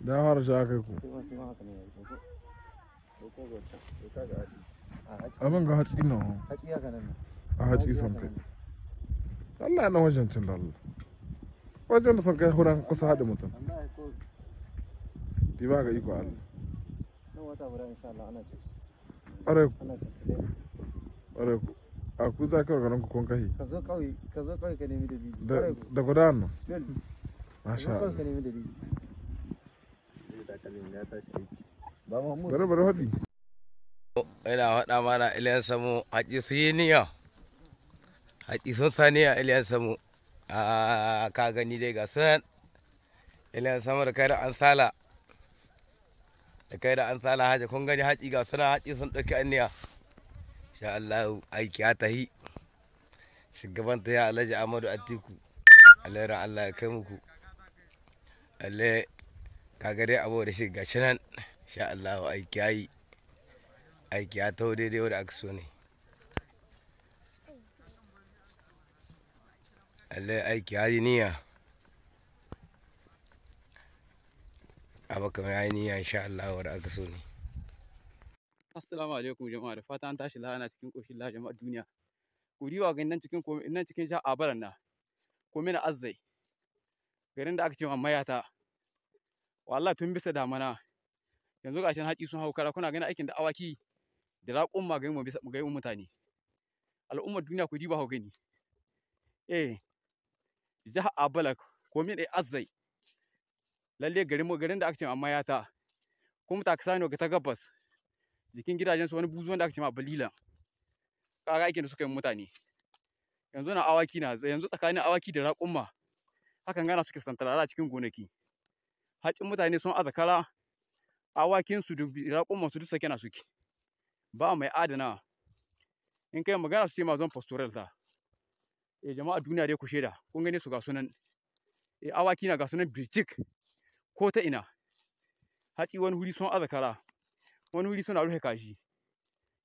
da har sha kai ku abin ga hatsi na a hatsi son kai Allah na wajen cin lalla wajen da son kai huran kusa haɗe mutum di ba ga iko Allah ƙwarai ku ƙwarai ku a ku za ka ganin ku kun kahi ka zo kawai ka nemi da biyu da gudanar Masha Allah. Oh, ina faɗa mana Iliyan Samu haƙi su yi niyya. Haƙi sun sa a Iliyan Samu. Ah, ka gani dai ga sunan. Iliyan Samu da kai da an sala. Da kai da an sala haji kun gani haƙi ga sunan haƙi sun ɗauki niyya. Insha Allah aiki ya tahi. Shugabanta ya Alhaji Amadu Atiku. Alherin Allah ya kai muku. lalle kaga dai abu da shi gashi nan sha Allah aiki yayi aiki ya taho daidai wanda aka so ne lalle aiki yayi niyya abu kamar yayi niyya insha Allah wanda aka so ne Assalamu alaikum jama'a da fata an tashi lahana cikin koshin lahana jama'a duniya ku riwa ga nan cikin nan cikin sha na ko mina azzai garin da aka ce ma mayata Allah tun bisa damana yanzu ga shan haƙi sun hau kara kuna gani aikin da awaki da raƙon ma mu bisa gaimu mutane al'ummar duniya ku diba ku gani eh jaha abalak ko min dai azzai lalle garin mu garin da aka ce amma ya ta kuma ta kasano ga ta gabas jikin gidajen su wani buzu wanda aka ce ma balila kaga aikin da suka yi mutane yanzu na awaki na yanzu tsakanin awaki da ma hakan gana suke santarara cikin gonaki haƙin mutane sun azakara awakinsu duk raƙumansu duk sake na suke ba mai adana in kai magana su ce mazan pastoral ta e jama'a duniya dai ku shaida kun gane su ga sunan e eh, awaki na ga sunan birjik ko ta ina haci wani wuri sun azakara wani wuri suna rufe kashi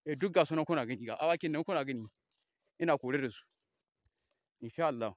e duk ga sunan kuna gani ga awakin nan kuna gani ina kore da su insha Allah